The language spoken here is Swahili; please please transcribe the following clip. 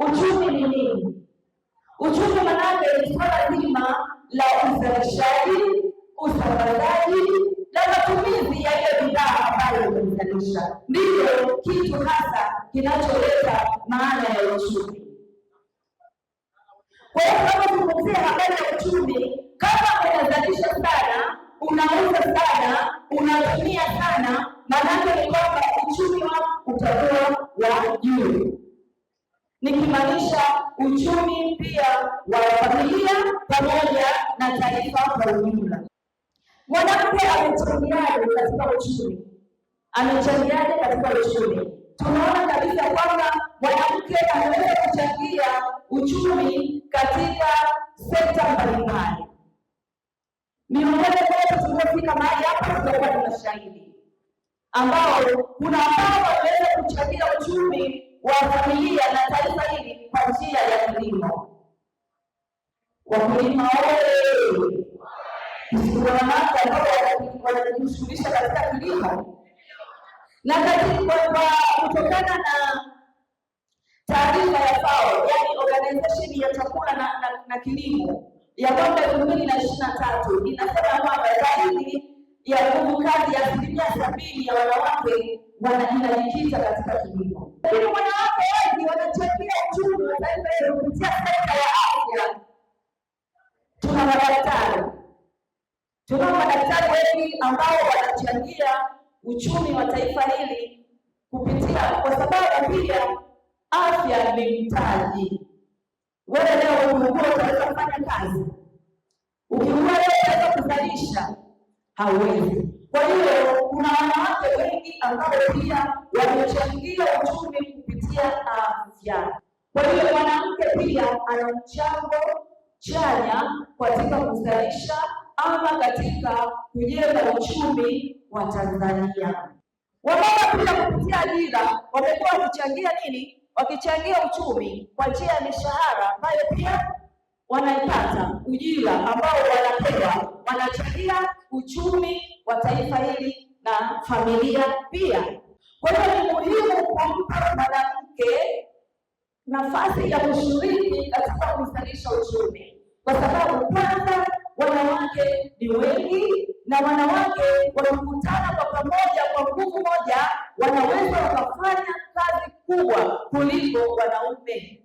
Uchumi ni nini? Uchumi manake ni swala zima la uzalishaji, usambazaji na matumizi ya ile bidhaa ambayo imezalisha, ndiyo kitu hasa kinacholeta maana ya uchumi. Kwa hiyo tunapozungumzia habari ya uchumi, kama unazalisha sana, unauza sana, unatumia sana, maanake ni kwamba uchumi wako utakuwa wa juu nikimaanisha uchumi pia wa familia pamoja na taifa kwa ujumla. Mwanamke amechangiaje katika uchumi? Amechangiaje katika uchumi? Tunaona kabisa kwamba mwanamke anaweza kuchangia uchumi katika sekta mbalimbali. Miongoni mwetu tuliofika mahali hapa tutakuwa ni mashahidi ambao kuna ambao wameweza familia na taifa hili kwa njia ya kilimo. Wakulima wote msikunamaka ambao wanajishughulisha katika kilimo, na kwa kutokana na taarifa ya FAO, yani organization ya chakula na, na, na kilimo ya mwaka elfu mbili na ishirini na tatu inasema kwamba zaidi ya nguvu kazi ya asilimia sabini ya wanawake wanajikita katika kilimo. madaktari, tunao madaktari wengi ambao wanachangia uchumi wa taifa hili kupitia, kwa sababu pia afya ni mtaji. Wewe leo ukiugua utaweza kufanya kazi? Ukiugua leo utaweza kuzalisha? Hauwezi. Kwa hiyo kuna wanawake wengi ambao pia wamechangia uchumi kupitia afya. Kwa hiyo mwanamke pia ana mchango chanya katika kuzalisha ama katika kujenga uchumi wa Tanzania. Wamama pia kupitia ajira wamekuwa wakichangia nini? Wakichangia uchumi kwa njia ya mishahara ambayo pia wanaipata, ujira ambao wanapewa, wanachangia uchumi wa taifa hili na familia pia. Kwa hiyo ni muhimu kumpa mwanamke nafasi ya kushiriki katika kuzalisha uchumi kwa sababu kwanza wanawake ni wengi, na wanawake wanakutana kwa pamoja kwa nguvu moja, wanaweza wakafanya kazi kubwa kuliko wanaume.